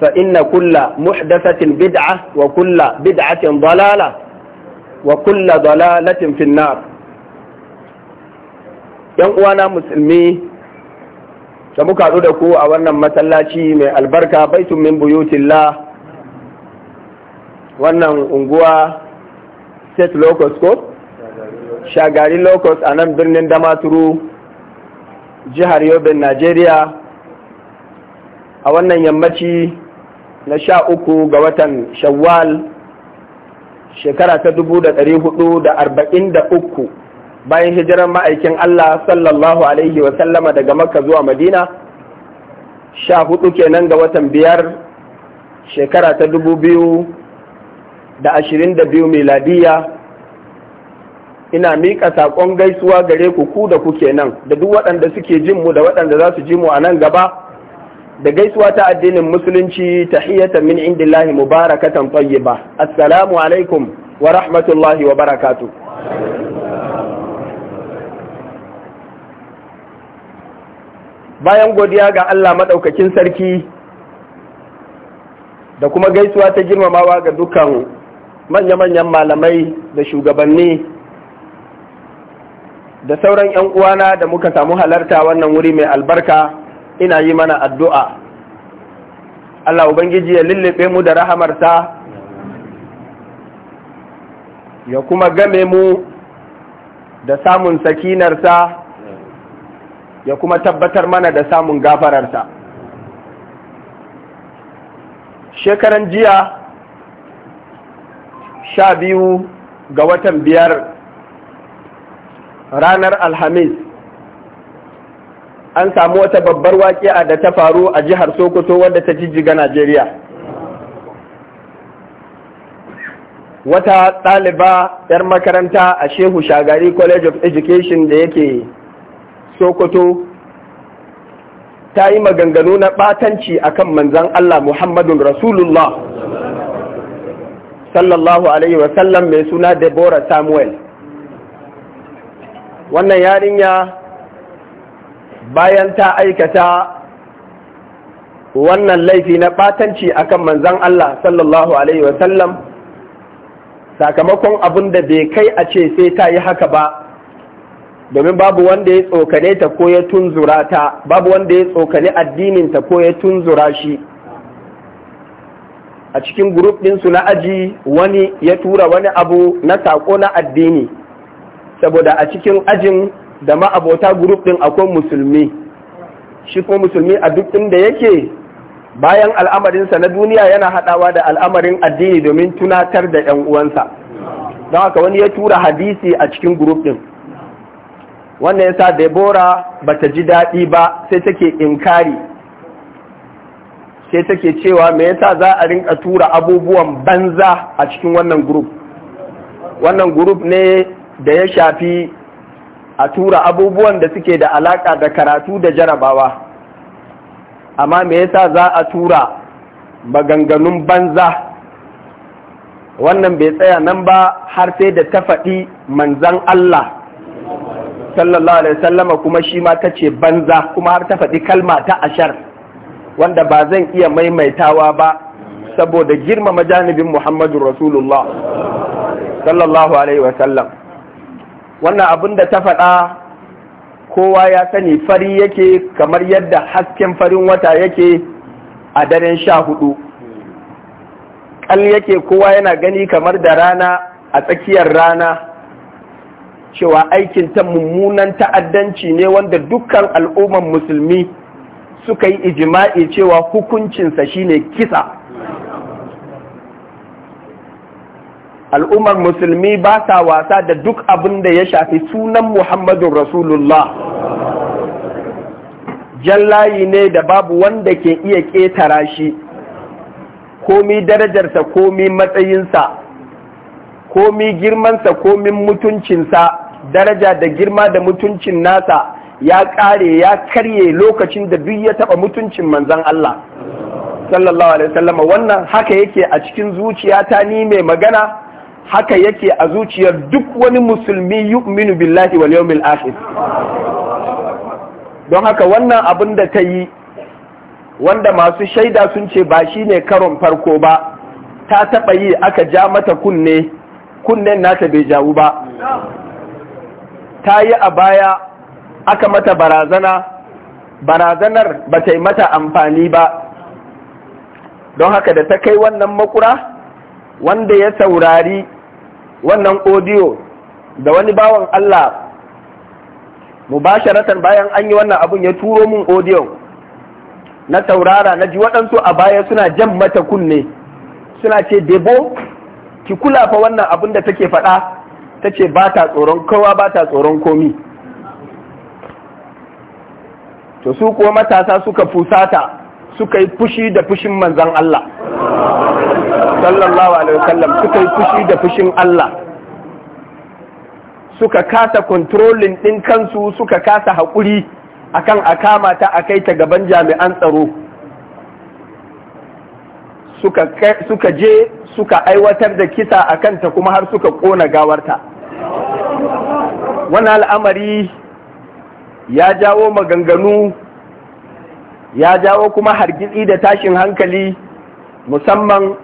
فإن bid'a محدثة بدعة وكل بدعة ضلالة وكل ضلالة في yan uwana musulmi da muka haɗu da ku a wannan masallaci mai albarka baitun min buyutillah wannan unguwa state locust ko shagari locust a nan birnin damaturu jihar yobin najeriya a wannan yammaci na sha uku ga watan shawwal shekara ta dubu da ɗari hudu da arba'in da uku bayan hijirar ma'aikin Allah sallallahu alaihi wasallama daga makka zuwa madina sha hudu kenan ga watan biyar shekara ta dubu biyu da ashirin da biyu miladiya ina miƙa saƙon gaisuwa gare ku ku da kuke nan da duk waɗanda suke jinmu da waɗanda za su ji mu a nan gaba da gaisuwa ta addinin musulunci ta hiyata min indillahi mubarakatan ba assalamu alaikum wa rahmatullahi wa barakatu. bayan godiya ga Allah maɗaukakin sarki da kuma gaisuwa ta girmamawa ga dukan manya-manyan malamai da shugabanni da sauran 'yan uwana da muka samu halarta wannan wuri mai albarka ina yi mana addu'a Allah Ubangiji ya lullube mu da rahamarsa ya kuma game mu da samun sakinarsa ya kuma tabbatar mana da samun gafararsa shekaran jiya sha biyu ga watan biyar ranar alhamis an samu wata babbar waƙiya da ta faru a jihar Sokoto wadda ta jijjiga Najeriya. Wata ɗaliba 'yar makaranta a Shehu Shagari College of Education da yake Sokoto ta yi maganganu na ɓatanci a kan manzan Allah Muhammadun Rasulullah sallallahu Alaihi wasallam mai suna Deborah Samuel. Wannan yarinya bayan ta aikata wannan laifi na ɓatanci akan manzan Allah sallallahu alaihi wasallam sakamakon abin da bai kai a ce sai ta yi haka ba domin babu wanda ya tsokane ta ko ya tunzura ta babu wanda ya tsokane addinin ta ko ya tunzura shi a cikin grup ɗinsu na aji wani ya tura wani abu na saƙo na addini saboda a cikin ajin da ma'abota abota ɗin din akwai musulmi shi kuma musulmi a duk inda yake bayan al'amarinsa na duniya yana hadawa da al'amarin addini domin tunatar da 'yan uwansa don haka wani ya tura hadisi a cikin gurub din wannan yasa Debora bata ji daɗi ba sai take inkari sai take cewa me yasa za a rinka tura abubuwan banza a cikin wannan gurub wannan gurub ne da ya shafi a tura abubuwan da suke da alaka da karatu da jarabawa amma me yasa za a tura maganganun banza wannan bai tsaya nan ba har sai da ta faɗi manzan Allah sallallahu alaihi sallama kuma shi ma ta ce banza kuma har ta faɗi kalma ta ashar wanda ba zan iya maimaitawa ba saboda girmama janibin Muhammadu Rasulullah sallallahu alaihi wasallam wannan abin da ta faɗa kowa ya sani fari yake kamar yadda hasken farin wata yake a daren sha hudu ƙal yake kowa yana gani kamar da rana a tsakiyar rana cewa aikin ta mummunan ta'addanci ne wanda dukkan al'umman musulmi suka yi ijima'i cewa hukuncinsa shine kisa al'ummar musulmi ba sa wasa da duk abin da ya shafi sunan muhammadun rasulullah layi ne da babu wanda ke iya ƙetara shi komi darajarsa komi matsayinsa komi girmansa komin mutuncinsa daraja da girma da mutuncin nasa ya ƙare ya karye lokacin da duk ya taɓa mutuncin manzan Allah sallallahu alaihi wasallama wannan haka yake a cikin zuciya ta ni mai magana haka yake a zuciyar duk wani musulmi yu'minu billahi wal yawmil akhir don haka wannan abin da ta yi wanda masu shaida sun ce ba shi ne karon farko ba ta taɓa yi aka ja mata kunne kunnen nata bai jawu ba ta yi a baya aka mata barazana barazanar ba ta yi mata amfani ba don haka da ta kai wannan makura wanda ya saurari wannan odiyo da wani bawan Allah mubasharatan bayan an yi wannan abun ya turo mun odiyo na taurara na ji waɗansu a baya suna jan mata kunne suna ce debo ki kula fa wannan abun da take faɗa ta ce ba ta tsoron kowa ba ta tsoron komi to su kuwa matasa suka fusata suka yi fushi da fushin manzan Allah sallallahu alaihi wasallam suka yi fushi da fushin Allah suka kasa kontrolin ɗin kansu suka kasa haƙuri akan a kama ta a kai ta gaban jami'an tsaro suka je suka aiwatar da kisa a kanta kuma har suka ƙona gawarta wani al'amari ya jawo maganganu ya jawo kuma hargitsi da tashin hankali musamman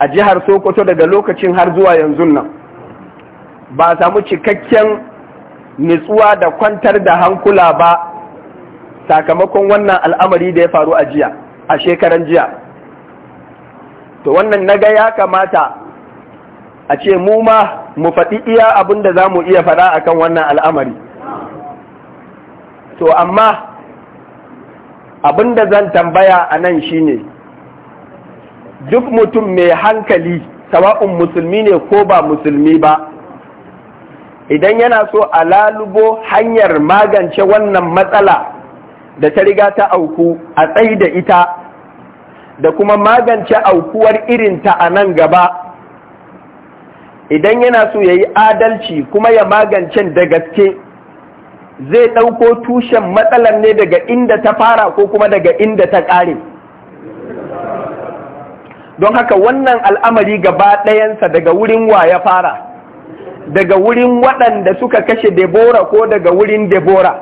a jihar sokoto daga lokacin har zuwa yanzu nan ba a samu cikakken nutsuwa da kwantar da hankula ba sakamakon wannan al'amari da ya faru a jiya a shekaran jiya to wannan naga ya kamata a ce mu ma mu faɗi iya abin da za mu iya faɗa akan wannan al'amari to amma abin da zan tambaya a nan shine duk mutum mai hankali sawa'un musulmi ne ko ba musulmi ba idan yana so a lalubo hanyar magance wannan matsala da ta riga ta auku a tsayi da ita da kuma magance aukuwar irin ta a nan gaba idan yana so ya yi adalci kuma ya magance da gaske zai ɗauko tushen matsalar ne daga inda ta fara ko kuma daga inda ta ƙare. don haka wannan al'amari gaba ɗayansa daga wurin wa ya fara daga wurin waɗanda suka kashe debora ko daga wurin debora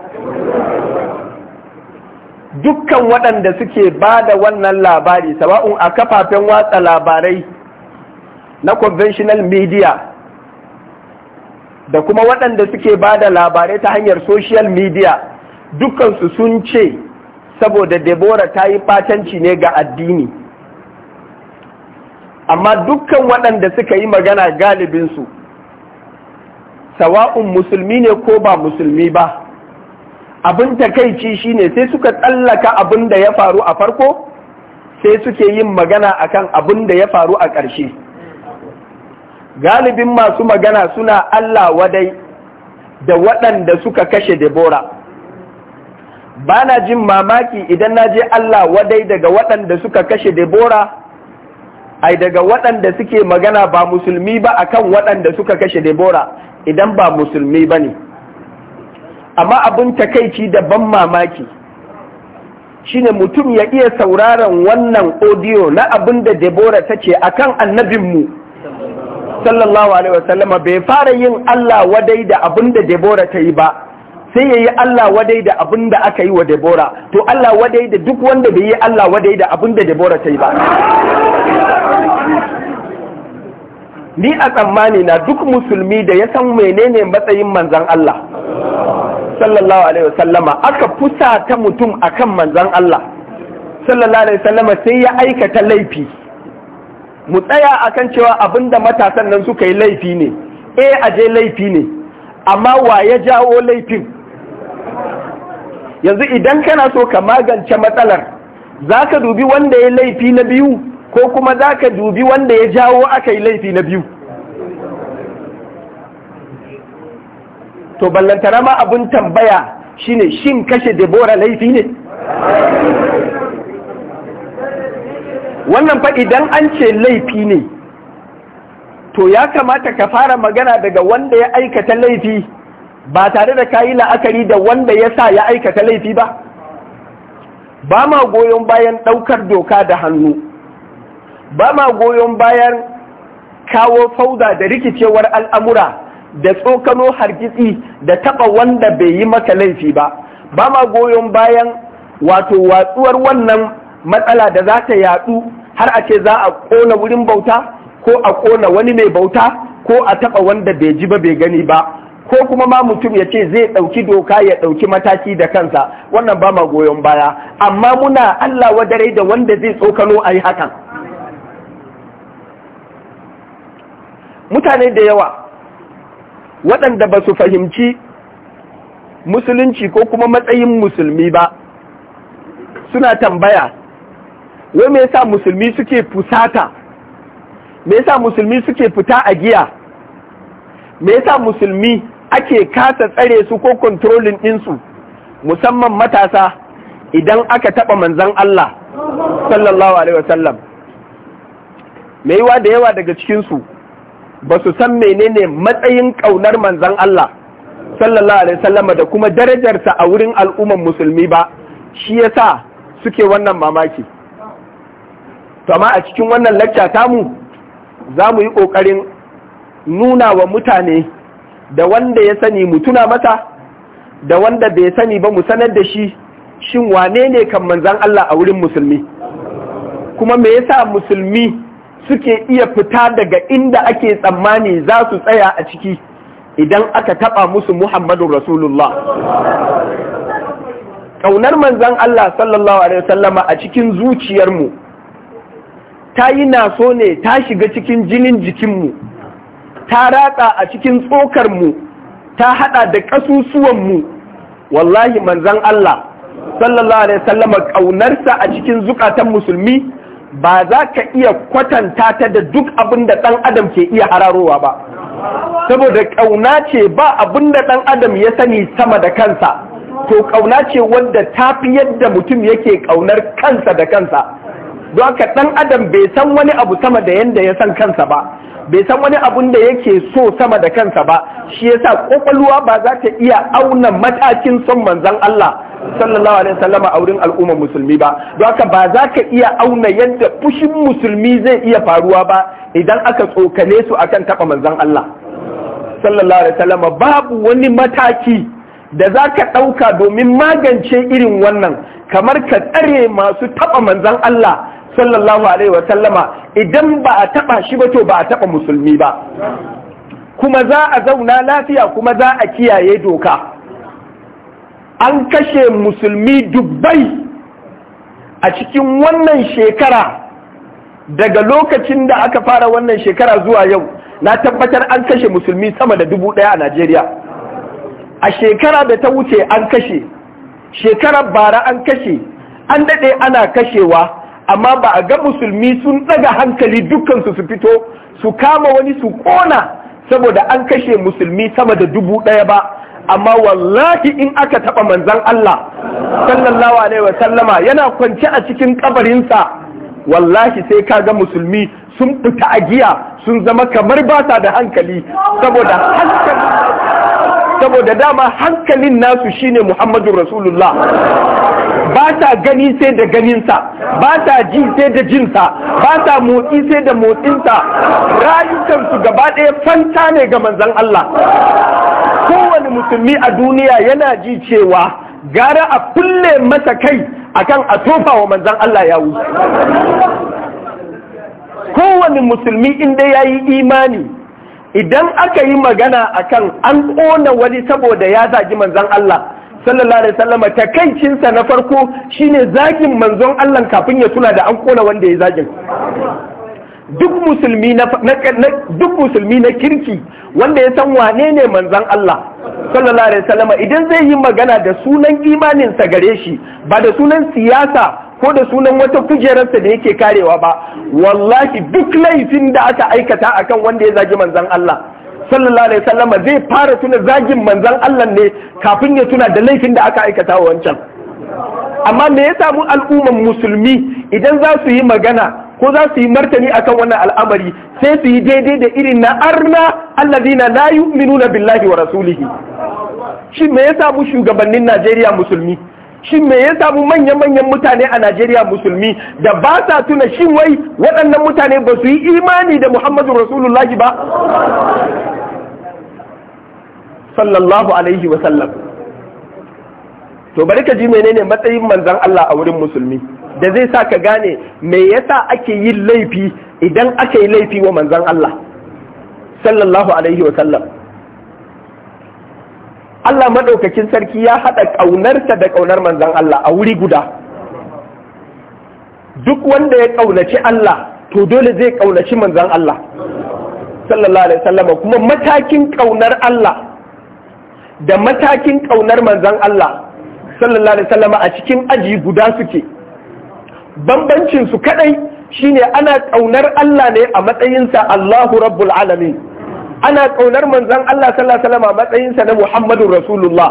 dukkan waɗanda suke ba da wannan labari sawa'un a kafafen watsa labarai na conventional media da kuma waɗanda suke ba da labarai ta hanyar social media dukansu sun ce saboda debora ta yi fatanci ne ga addini amma dukkan waɗanda suka yi magana galibinsu sawa'un musulmi ne ko ba musulmi ba abin takaici ne sai suka tsallaka abin da ya faru a farko sai suke yin magana akan abin da ya faru a ƙarshe galibin masu magana suna Allah wadai da waɗanda suka kashe Debora bana jin mamaki idan na je Allah wadai daga waɗanda suka kashe Debora ai daga waɗanda suke magana ba musulmi ba akan waɗanda suka kashe Debora idan ba musulmi ba ne amma abin takaici da ban mamaki shine mutum ya iya sauraron wannan odiyo na abin da Debora ta ce a akan annabinmu sallallahu alaihi wasallama bai fara yin Allah wadai da abin da Debora ta yi ba sai ya yi Allah wadai da abin da aka yi wa Debora to Allah wadai da duk wanda bai yi Allah wadai da abin da Debora ta yi ba ni a tsammani na duk musulmi da ya san menene matsayin manzan Allah sallallahu alaihi wasallama aka fusa ta mutum akan manzan Allah sallallahu alaihi wasallama sai ya aikata laifi mu tsaya akan cewa abinda matasan nan suka yi laifi ne eh je laifi ne amma wa ya jawo laifin yanzu idan kana so ka magance matsalar za ka dubi wanda ya laifi na biyu ko kuma za ka dubi wanda ya jawo aka yi laifi na biyu to ballantara ma abin tambaya shine shin kashe debora laifi ne wannan fa idan an ce laifi ne to ya kamata ka fara magana daga wanda ya aikata laifi ba tare da kayi la'akari da wanda ya sa ya aikata laifi ba ba ma goyon bayan ɗaukar doka da hannu ba ma goyon bayan kawo fauda da rikicewar al'amura da tsokano hargitsi da taba wanda bai yi maka laifi ba ba ma goyon bayan wato watsuwar wannan matsala da za ta yadu har a ce za a ƙona wurin bauta ko a ƙona wani mai bauta ko a taɓa wanda bai ji ba bai gani ba ko kuma ma mutum ya ce zai ɗauki doka ya ɗauki mataki da kansa wannan ba ma goyon baya amma muna Allah wadare da wanda zai tsokano a yi hakan mutane da yawa waɗanda ba su fahimci musulunci ko kuma matsayin musulmi ba suna tambaya wai me yasa musulmi suke fusata me yasa musulmi suke fita a giya me yasa musulmi ake kasa tsare su ko kontrolin ɗinsu musamman matasa idan aka taɓa manzan Allah sallallahu alaihi wasallam me yiwa da yawa daga cikinsu ba su san menene matsayin ƙaunar manzan Allah sallallahu alaihi wasallama da kuma darajarsa a wurin al'umman musulmi ba shi ya sa suke wannan mamaki to amma a cikin wannan lacca tamu za mu yi ƙoƙarin nuna wa mutane da wanda ya sani mu tuna mata da wanda bai sani ba mu sanar da shi shin wane ne kan manzan Allah a wurin musulmi kuma me yasa musulmi suke iya fita daga inda ake tsammani za su tsaya a ciki idan aka taɓa musu Muhammadu Rasulullah. Ƙaunar manzan Allah sallallahu Alaihi wasallama a cikin zuciyarmu ta yi naso ne ta shiga cikin jinin jikinmu, ta ratsa a cikin tsokarmu, ta haɗa da ƙasusuwanmu, wallahi manzan Allah sallallahu Alaihi wasallama ƙaunarsa a cikin zukatan musulmi ba za ka iya kwatanta ta da duk abin da ɗan adam ke iya hararowa ba saboda ƙauna ce ba abin da ɗan adam ya sani sama da kansa to ƙauna ce wanda ta fi yadda mutum yake ƙaunar kansa da kansa don haka ɗan adam bai san wani abu sama da yadda ya san kansa ba bai san wani abun da yake so sama da kansa ba shi yasa kwakwalwa ba za ta iya auna matakin son manzan Allah sallallahu alaihi wasallam a wurin al'umma musulmi ba don haka ba za ka iya auna yadda fushin musulmi zai iya faruwa ba idan aka tsokane su akan taba manzan Allah sallallahu alaihi wasallam babu wani mataki da za ka ɗauka domin magance irin wannan kamar ka tsare masu taɓa manzan Allah sallallahu alaihi wa sallama idan ba a taba shi ba to ba a taba musulmi ba kuma za a zauna lafiya kuma za a kiyaye doka an kashe musulmi dubbai a cikin wannan shekara daga lokacin da aka fara wannan shekara zuwa yau na tabbatar an kashe musulmi sama da dubu ɗaya a najeriya a shekara da ta wuce an kashe shekarar bara an kashe an daɗe ana kashewa amma ba a ga musulmi sun daga hankali dukkansu su fito su kama wani su kona saboda an kashe musulmi sama da dubu ɗaya ba amma wallahi in aka taɓa manzan Allah sallallahu alaihi wa sallama yana kwance a cikin kabarinsa wallahi sai ka ga musulmi sun fita a giya sun zama kamar ba da hankali saboda hankali saboda dama hankalin nasu shine Muhammadu Rasulullah ba ta gani sai da ganinsa ba ta ji sai da jinsa ba ta motsi sai da motsinsa rayukansu gaba ɗaya fanta ne ga manzan Allah kowane musulmi a duniya yana ji cewa gara a kulle masa kai akan a tofa wa manzan Allah ya wuce kowane musulmi inda ya yi imani idan aka yi magana akan an ƙona wani saboda ya zagi manzon Allah sallallahu alaihi wasallam takaicinsa na farko shine zagin manzon Allah kafin ya tuna da an ƙona wanda ya zagin duk musulmi na duk musulmi na kirki wanda ya san wane ne manzon Allah sallallahu alaihi wasallam idan zai yi magana da sunan imaninsa gare shi ba da sunan siyasa ko da sunan wata kujerarsa da yake karewa ba wallahi duk laifin da aka aikata akan wanda ya zagi manzan Allah sallallahu alaihi wasallam zai fara tuna zagin manzon Allah ne kafin ya tuna da laifin da aka aikata wa wancan amma me ya samu al'umman musulmi idan za su yi magana ko za su yi martani akan wannan al'amari sai su yi daidai da irin na arna allazina la yu'minuna billahi wa rasulihi shi me ya samu shugabannin Najeriya musulmi shin me ya samu manya-manyan mutane a Najeriya musulmi da ba sa tuna shin wai waɗannan mutane ba su yi imani da Muhammadu Rasulullahi ba? Sallallahu Alaihi wasallam. To bari ka ji menene matsayin manzan Allah a wurin musulmi da zai sa ka gane me yasa ake yin laifi idan aka yi laifi wa manzan Allah. Sallallahu Alaihi wasallam. Allah maɗaukakin sarki ya haɗa ƙaunarsa da ƙaunar manzan Allah a wuri guda duk wanda ya ƙaunaci Allah to dole zai ƙaunaci manzan Allah sallallahu alaihi wasallam kuma matakin ƙaunar Allah da matakin ƙaunar manzan Allah sallallahu alaihi wasallam a cikin aji guda suke bambancinsu kaɗai shi shine ana ƙaunar Allah ne a matsayinsa Allahu rabbul alamin ana kaunar manzon Allah sallallahu alaihi wasallam matsayinsa na Muhammadu Rasulullah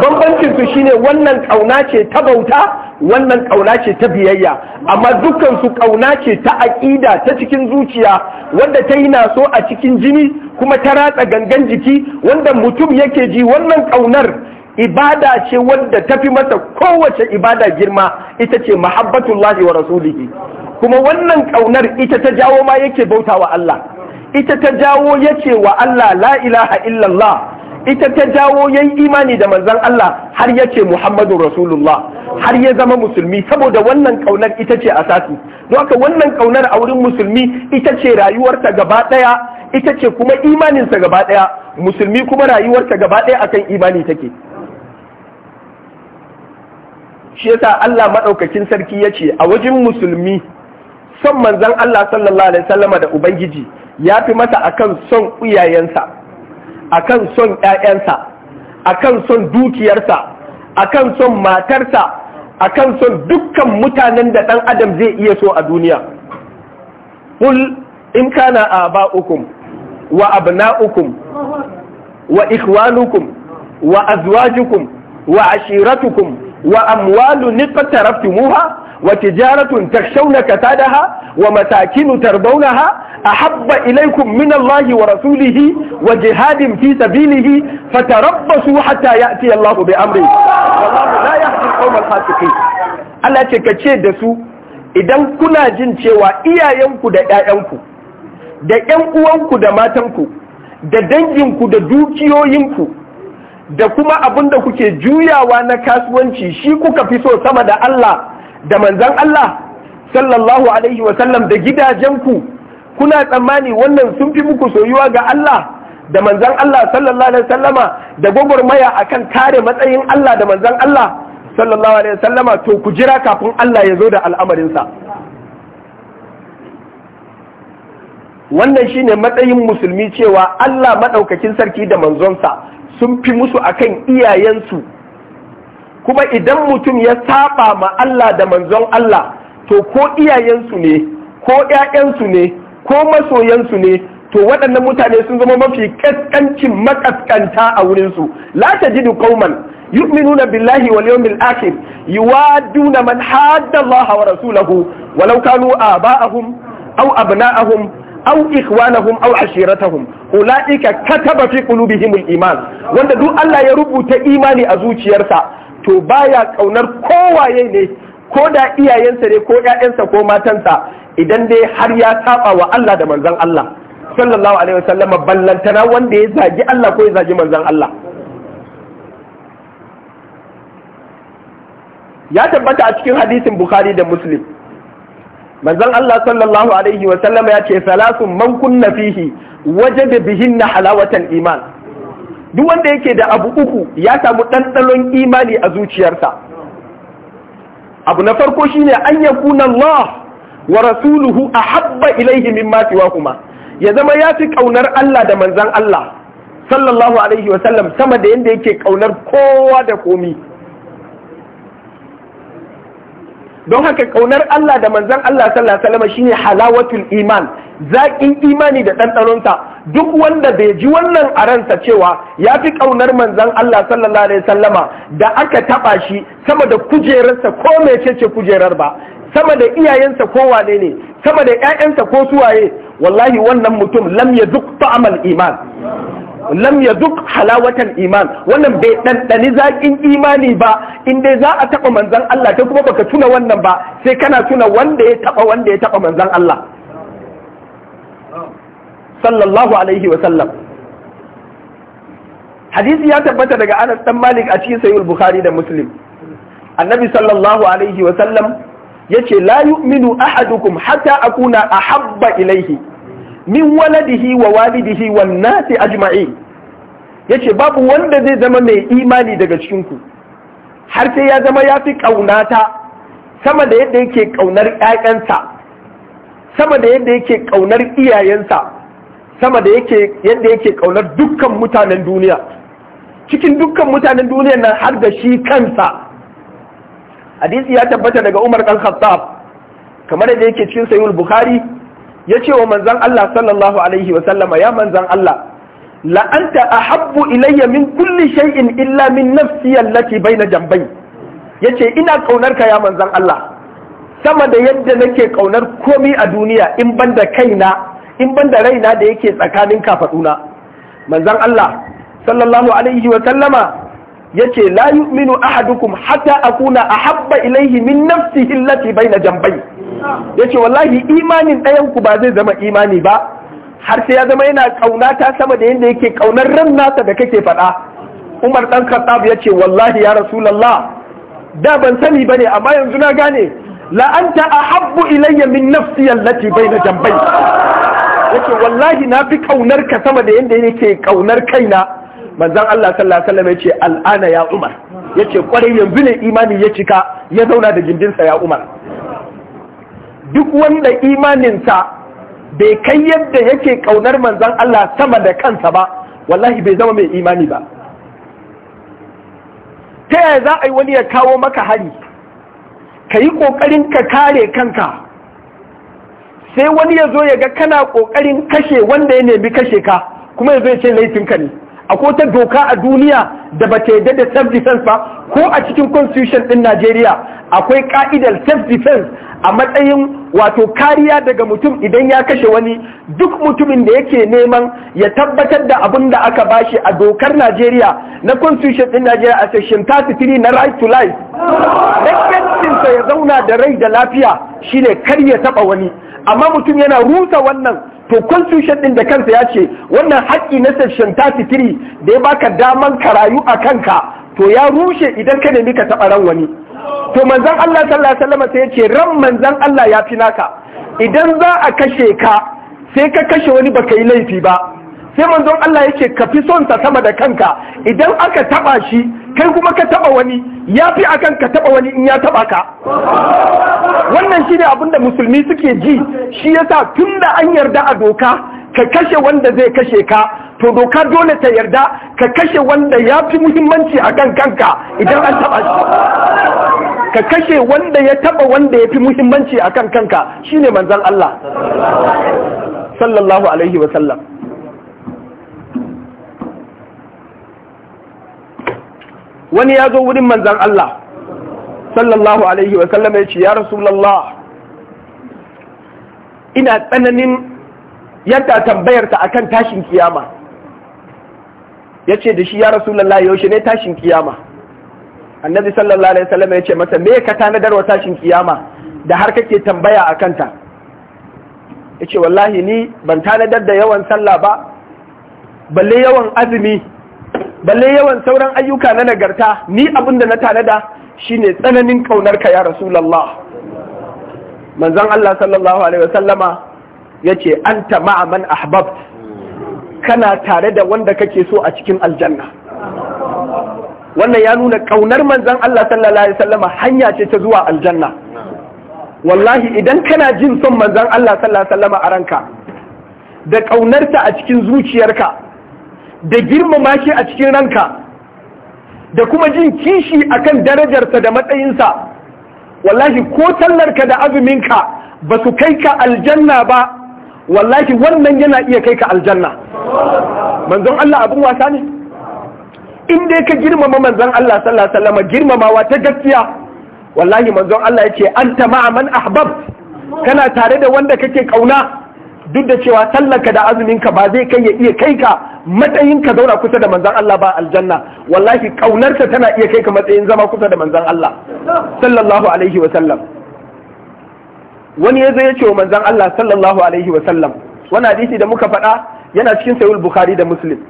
bambancin su shine wannan kauna ce ta bauta wannan kauna ce ta biyayya amma dukkan su kauna ce ta aƙida ta cikin zuciya wanda ta yi naso a cikin jini kuma ta ratsa gangan jiki wanda mutum yake ji wannan kaunar ibada ce wanda tafi masa kowace ibada girma ita ce mahabbatullahi wa rasulihi kuma wannan kaunar ita ta jawo ma yake bautawa Allah ita ta jawo ya ce wa Allah la ilaha illallah ita ta jawo ya yi imani da manzan Allah har ya ce Muhammadu Rasulullah har ya zama musulmi saboda wannan kaunar ita ce asasi don haka wannan kaunar a wurin musulmi ita ce rayuwarta gaba ɗaya ita ce kuma imaninsa gaba ɗaya musulmi kuma rayuwarta gaba ɗaya akan imani take shi yasa Allah maɗaukakin sarki ya ce a wajen musulmi son manzon Allah sallallahu alaihi wasallama da ubangiji ya fi masa akan son iyayensa akan son ƴaƴansa akan son dukiyarsa akan son matarsa akan son dukkan mutanen da ɗan adam zai iya so a duniya qul in kana aba'ukum wa abna'ukum wa ikhwanukum wa azwajukum wa ashiratukum wa amwalun iqtaraftumuha wa tijaratun takshawna kasadaha wa matakinu tarbawnaha a habba min minallahi wa rasulihi wa jihadin fi sabilihi fatarabbasu hatta ya'ti Allah bi amri wallahu la yahdi al-qawm al-fasiqin Allah ce ka da su idan kuna jin cewa iyayenku da 'ya'yanku da 'yan uwanku da matanku da danginku da dukiyoyinku da kuma abin da kuke juyawa na kasuwanci shi kuka fi so sama da Allah da manzan Allah sallallahu alaihi wasallam da gidajenku kuna tsammani wannan sun fi muku soyuwa ga Allah da manzan Allah sallallahu alaihi wasallama da gwagwarmaya kan kare matsayin Allah da manzan Allah sallallahu alaihi wasallama to ku jira kafin Allah ya zo da al'amarinsa wannan shine matsayin musulmi cewa Allah maɗaukakin sarki da manzonsa sun fi musu akan iyayensu kuma idan mutum ya saba ma Allah da manzon Allah to ko iyayensu ne ko ƴaƴansu ne ko masoyansu ne to waɗannan mutane sun zama mafi kaskancin makaskanta a wurinsu la tajidu qauman yu'minuna billahi wal yawmil akhir yuwaduna man hadda Allah wa rasulahu walau kanu aba'ahum aw abna'ahum aw ikhwanahum aw ashiratahum ulaika kataba fi qulubihim al-iman wanda duk Allah ya rubuta imani a zuciyarsa to baya kaunar kowaye ne ko da iyayensa ne ko ƴaƴansa ko matansa idan dai har ya saba wa Allah da manzon Allah sallallahu alaihi wasallama ballantana wanda ya zagi Allah ko ya zagi manzon Allah ya tabbata a cikin hadisin Bukhari da Muslim manzon Allah sallallahu alaihi wasallama ya ce salasun man kunna fihi wajada na halawatan iman duk wanda yake da abu uku ya samu ɗanɗanon imani a zuciyarsa abu na farko shine an yakuna Allah wa rasuluhu ahabba ilaihi mimma kuma. ya zama ya fi ƙaunar Allah da manzan Allah sallallahu alaihi wa sallam sama da yanda yake ƙaunar kowa da komi don haka ƙaunar Allah da manzan Allah sallallahu alaihi wa shine halawatul iman zaƙin imani da ɗanɗanonta duk wanda bai ji wannan a ransa cewa ya fi ƙaunar manzan Allah sallallahu alaihi sallama da aka taɓa shi sama da kujerarsa ko mecece kujerar ba sama da iyayensa ko wane ne sama da 'ya'yansa ko suwaye wallahi wannan mutum lam ya duk ta'amal iman lam ya duk halawatan iman wannan bai ɗanɗani zaƙin imani ba in dai za a taɓa manzan Allah ta kuma baka tuna wannan ba sai kana tuna wanda ya taɓa wanda ya taɓa manzan Allah sallallahu alaihi wa sallam hadisi ya tabbata daga Anas dan Malik a cikin Sahih Bukhari da Muslim annabi sallallahu alaihi wa sallam yace la yu'minu ahadukum hatta akuna ahabba ilaihi min waladihi wa walidihi wan nasi ajma'in yace babu wanda zai zama mai imani daga cikin ku har sai ya zama ya fi ƙaunata sama da yadda yake ƙaunar 'ya'yansa, sama da yadda yake ƙaunar iyayensa sama da yake yadda yake kaunar dukkan mutanen duniya cikin dukkan mutanen duniya nan har da shi kansa hadisi ya tabbata daga Umar dan Khattab kamar da yake cikin Sahih Bukhari ya ce wa manzon Allah sallallahu alaihi wa sallama ya manzon Allah la anta ahabbu ilayya min kulli shay'in illa min nafsi allati baina jambai yace ina kaunar ka ya manzon Allah sama da yadda nake kaunar komai a duniya in banda kaina in banda raina da yake tsakanin kafaduna manzon Allah sallallahu alaihi wa sallama yace la yu'minu ahadukum hatta akuna ahabba ilaihi min nafsihi allati baina jambai yace wallahi imanin ɗayan ku ba zai zama imani ba har sai ya zama yana ta sama da yanda yake kaunar ran nasa da kake faɗa Umar dan Khattab yace wallahi ya Rasulullah da ban sani bane amma yanzu na gane la anta ahabbu ilayya min nafsi allati baina jambai yace wallahi na fi kaunar ka sama da yadda yake kaunar kaina manzan Allah sallallahu alaihi wasallam yace al'ana ya Umar yace kwarai yanzu ne imani ya cika ya zauna da gindinsa ya Umar duk wanda imaninsa bai kai yadda yake kaunar manzon Allah sama da kansa ba wallahi bai zama mai imani ba ta yaya za a yi wani ya kawo maka hari ka yi ƙoƙarin ka kare kanka sai wani ya zo ya ga kana kokarin kashe wanda ya nemi kashe ka kuma ya zo ya ce laifin ka ne akwai ta doka a duniya da ba ta yadda da self defense ba ko a cikin constitution din Najeriya akwai ka'idar self defense a matsayin wato kariya daga mutum idan ya kashe wani duk mutumin da yake neman ya tabbatar da abin da aka bashi a dokar Najeriya na constitution din Najeriya a section 33 na right to life dan ya zauna da rai da lafiya shine kar ya taɓa wani amma mutum yana rusa wannan to constitution din da kansa ya ce wannan haƙƙi na section 33 da ya baka daman ka rayu a kanka to ya rushe idan ka nemi ka taɓa ran wani to manzon Allah sallallahu alaihi wasallam sai ya ce ran manzon Allah ya fi naka idan za a kashe ka sai ka kashe wani baka yi laifi ba sai manzon Allah yake ka fi son sa sama da kanka idan aka taɓa shi kai kuma ka taba wani ya fi akan ka taba wani in ya taba ka wannan shi shine abinda musulmi suke ji shi yasa tun da an yarda a doka ka kashe wanda zai kashe ka to doka dole ta yarda ka kashe wanda ya fi muhimmanci a kan kanka idan an taba shi ka kashe wanda ya taba wanda ya fi muhimmanci a kan kanka ne manzon Allah sallallahu alaihi wasallam wani ya zo wurin manzan Allah sallallahu alaihi wa ya ce ya rasulallah, ina tsananin yadda tambayarta a akan tashin kiyama ya ce da shi ya rasulallah yaushe ne tashin kiyama annabi sallallahu alaihi wa ya ce masa me ka tanadar wa tashin kiyama da har kake tambaya a kanta ya ce wallahi ni ban tanadar da yawan sallah ba balle yawan azumi balle yawan sauran ayyuka na nagarta ni abin da na tare da shi ne tsananin ka ya rasulullah manzon Allah sallallahu alaihi wasallama yace anta ma'a man ahbab. kana tare da wanda kake so a cikin aljanna wannan ya nuna ƙaunar manzon Allah sallallahu alaihi wasallama hanya ce ta zuwa aljanna wallahi idan kana jin son manzon Allah sallallahu alaihi wasallama a ranka da ƙaunarta a cikin zuciyarka da girmama shi a cikin ranka da kuma jin kishi akan darajarsa da matsayinsa wallahi ko tallarka da azuminka ba su kai ka aljanna ba wallahi wannan yana iya kai ka aljanna manzon Allah abin wasa ne in dai ka girmama manzon Allah sallallahu alaihi wasallam girmamawa ta gaskiya wallahi manzon Allah yace anta ma'a man ahbab kana tare da wanda kake kauna duk da cewa tallaka da azuminka ba zai kai ya iya kai ka matsayin ka zauna kusa da manzan Allah ba aljanna wallahi kaunarsa tana iya kai ka matsayin zama kusa da manzan Allah sallallahu alaihi wa sallam wani yazo ya ce wa manzan Allah sallallahu alaihi wa sallam wani hadisi da muka faɗa yana cikin sahih bukhari da muslim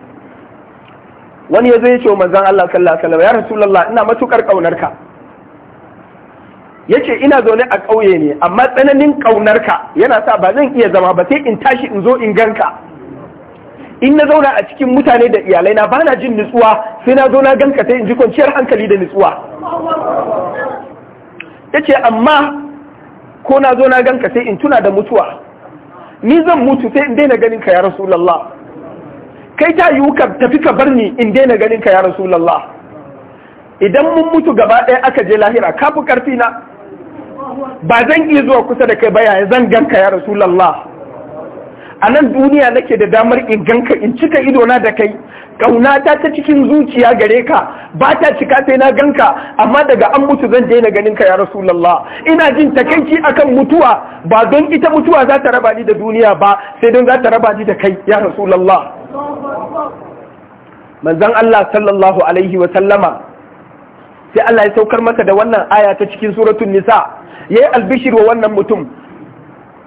wani yazo ya ce wa manzan Allah sallallahu alaihi wa sallam ya rasulullah ina matukar kaunarka yace ina zaune a ƙauye ne amma tsananin ƙaunarka yana sa ba zan iya zama ba sai in tashi in zo in ganka in na zauna a cikin mutane da iyalai na bana jin nutsuwa sai na zo na ganka sai in ji kwanciyar hankali da nutsuwa yace amma ko na zo na ganka sai in tuna da mutuwa ni zan mutu sai in daina ganin ka ya rasulullah kai ta yiwu ka tafi ka bar ni in daina ganin ka ya rasulullah idan mun mutu gaba ɗaya aka je lahira ka fi karfi na ba zan iya zuwa kusa da kai ba yayin zan ganka ya rasulullah a nan duniya nake da damar in ganka in cika idona da kai kauna ta ta cikin zuciya gare ka ba ta cika sai na ganka amma daga an mutu zan daina ganin ka ya rasulullah ina jin takaici akan mutuwa ba don ita mutuwa za ta raba ni da duniya ba sai don za ta raba ni da kai ya rasulullah manzon Allah sallallahu alaihi wa sallama sai Allah ya saukar masa da wannan aya ta cikin suratul nisa yayi albishir wa wannan mutum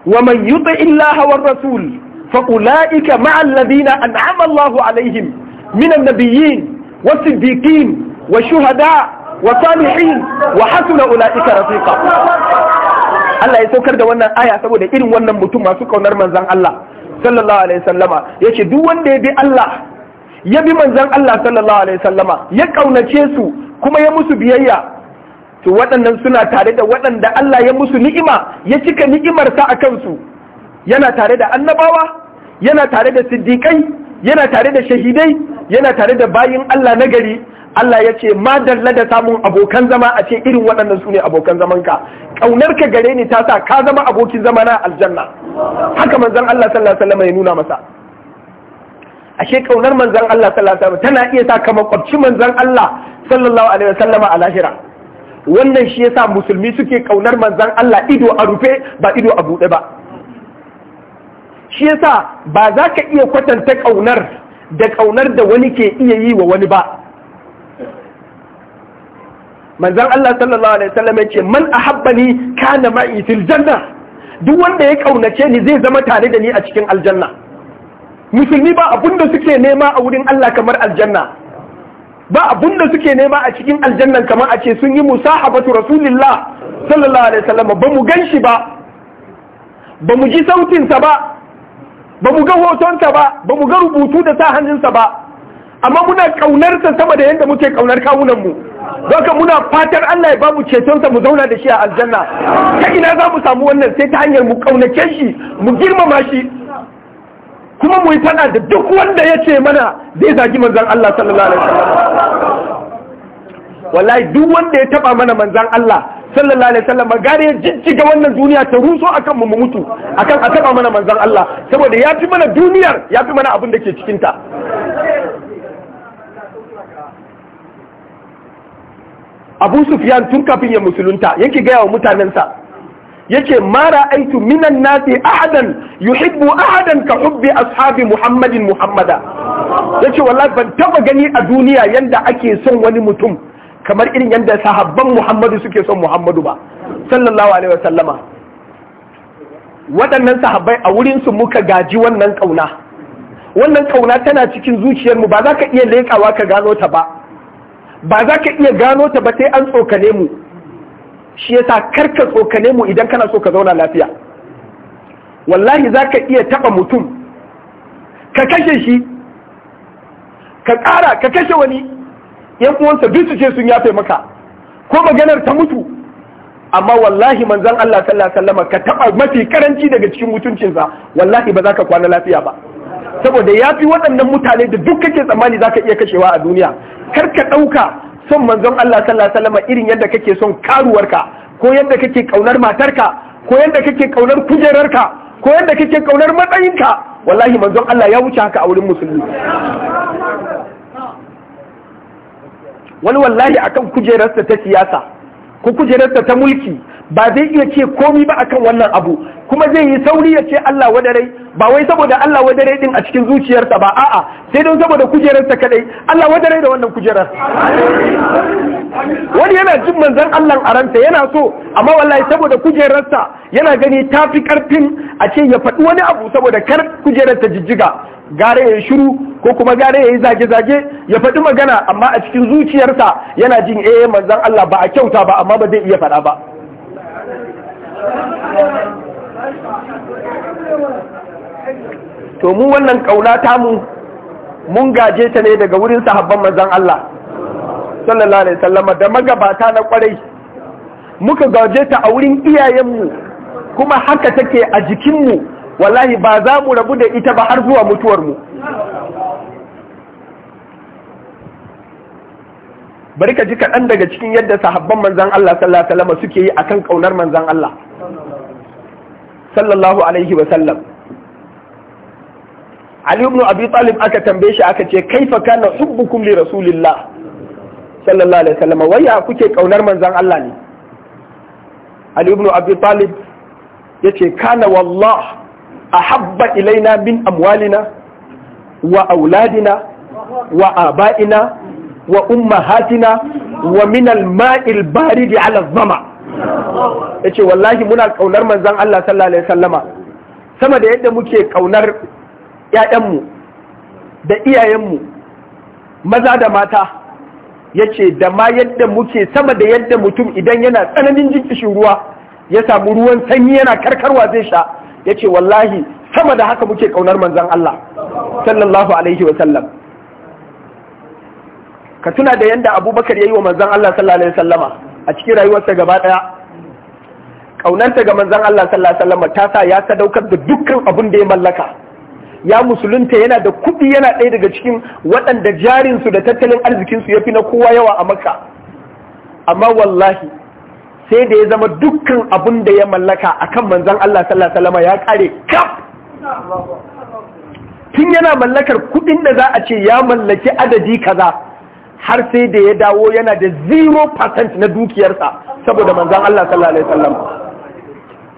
ومن يطع الله والرسول فأولئك مع الذين أنعم الله عليهم من النبيين والصديقين والشهداء والصالحين وحسن أولئك رفيقا Allah ya saukar da wannan aya saboda irin wannan mutum masu ƙaunar manzan Allah sallallahu alaihi sallama ya ce duk wanda ya bi Allah ya bi manzan Allah sallallahu alaihi sallama ya kaunace su kuma ya musu biyayya to waɗannan suna tare da waɗanda Allah ya musu ni'ima ya cika ni'imarsa a kansu yana tare da annabawa yana tare da siddiƙai yana tare da shahidai yana tare da bayin Allah na gari Allah ya ce ma dalla da samun abokan zama a ce irin waɗannan su ne abokan zamanka ƙaunar ka gare ni ta sa ka zama abokin zama na aljanna haka manzon Allah sallallahu alaihi wasallam ya nuna masa ashe ƙaunar manzon Allah sallallahu alaihi wasallam tana iya sa ka makwabci manzon Allah sallallahu alaihi wasallam a lahira wannan shi yasa musulmi suke kaunar manzan Allah ido a rufe ba ido a buɗe ba shi yasa ba za ka iya kwatanta kaunar da kaunar da wani ke iya yi wa wani ba manzan Allah sallallahu alaihi wasallam ya ce man ahabbani kana ma'i fil janna duk wanda ya kaunace ni zai zama tare da ni a cikin aljanna musulmi ba abun da suke nema a wurin Allah kamar aljanna ba abun da suke nema a cikin aljannan kamar a ce sun yi musahabatu rasulillah sallallahu alaihi wasallam ba mu shi ba ba mu ji sautinsa ba ba mu ga hotonsa ba ba mu ga rubutu da sa hannunsa ba amma muna ƙaunarsa sama da yadda muke kaunar kawunanmu doka muna fatar Allah ya bamu cetonsa mu zauna da shi a aljanna ta ina za mu samu wannan sai ta hanyar mu kaunace shi mu girmama shi kuma mu yi fada da duk wanda ya ce mana zai zagi manzan Allah sallallahu alaihi wasallam wallahi duk wanda ya taba mana manzan Allah sallallahu alaihi wasallam gare ya jijjiga wannan duniya ta ruso akan mu mutu akan a taba mana manzan Allah saboda ya fi mana duniyar ya fi mana abin da ke cikinta. ta Abu Sufyan tun kafin ya musulunta yake gaya wa mutanensa yace mara aitu minan nasi ahadan yuhibbu ahadan ka hubbi ashabi muhammadin muhammada yace wallahi ban taba gani a duniya yanda ake son wani mutum kamar irin yanda sahabban muhammadu suke son muhammadu ba sallallahu alaihi sallama. waɗannan sahabbai a wurin su muka gaji wannan kauna wannan kauna tana cikin mu ba za ka iya leƙawa ka gano ta ba ba za ka iya gano ta ba sai an tsokane mu shi yasa karka tsokane mu idan kana so ka zauna lafiya wallahi za ka iya taɓa mutum ka kashe shi ka ƙara ka kashe wani yan uwansa duk su ce sun yafe maka ko maganar ta mutu amma wallahi manzon Allah sallallahu alaihi ka taɓa mafi karanci daga cikin mutuncinsa wallahi ba za ka kwana lafiya ba saboda ya fi waɗannan mutane da duk kake tsammani za ka iya kashewa a duniya kar ka ɗauka son manzon Allah sallallahu alaihi wasallam irin yadda kake son karuwarka ko yadda kake kaunar matarka ko yadda kake kaunar kujerarka ko yadda kake kaunar matsayinka wallahi manzon Allah ya wuce haka a wurin musulmi wani wallahi akan kujerarsa ta siyasa ko kujerarsa ta mulki ba zai iya ce komi ba akan wannan abu kuma zai yi sauri ya ce Allah wadarai ba wai saboda Allah wadarai din a cikin zuciyarsa ba a'a sai don saboda kujerarsa kadai Allah wadarai da wannan kujerar wani yana jin manzon Allah a ranta yana so amma wallahi saboda kujerarsa yana gani tafi karfin a ce ya faɗi wani abu saboda kar kujerar ta jijjiga gare ya shiru ko kuma gare ya yi zage-zage ya faɗi magana amma a cikin zuciyarsa yana jin eh manzan Allah ba a kyauta ba amma ba zai iya faɗa ba to mu wannan ta mu, mun gaje ta ne daga wurin sahabban manzan Allah sallallahu alaihi sallama. da magabata na kwarai muka gaje ta a wurin iyayenmu kuma haka take a jikinmu wallahi ba za mu rabu da ita ba har zuwa mutuwarmu. bari ka ji kaɗan daga cikin yadda sahabban manzan Allah sallallahu alaihi wasallam suke yi a kan ƙaunar manzan Allah sallallahu alaihi wasallam Ali ibn Abi Talib aka tambaye shi aka ce kaifa kana hubbukum li rasulillah sallallahu alaihi wasallam waya kuke kaunar manzan Allah ne Ali ibn Abi Talib yace kana wallah habba ilaina min amwalina wa auladina wa aba'ina wa ummahatina wa min al-ma'il yace wallahi muna kaunar manzon Allah sallallahu alaihi wasallama sama da yadda muke kaunar ƴaƴanmu da iyayenmu maza da mata yace da ma yadda muke sama da yadda mutum idan yana tsananin jinkishin ruwa ya samu ruwan sanyi yana karkarwa zai sha ya ce wallahi sama da haka muke kaunar manzan Allah sallallahu alaihi wa sallam ka tuna da yadda Abubakar ya yi wa manzan Allah sallallahu alaihi wa sallama a cikin rayuwarsa gaba daya kaunanta ga manzan Allah sallallahu alaihi wa sallama ta sa ya sadaukar da dukkan abin da ya mallaka ya musulunta yana da kuɗi yana ɗaya daga cikin waɗanda jarinsu da tattalin arzikinsu ya fi na kowa yawa a maka amma wallahi sai da ya zama dukkan abin da ya mallaka a kan manzan Allah sallallahu alaihi ya kare kaf tun yana mallakar kudin da za a ce ya mallaki adadi kaza har sai da ya dawo yana da 0% na dukiyarsa saboda manzan Allah sallallahu alaihi wasallam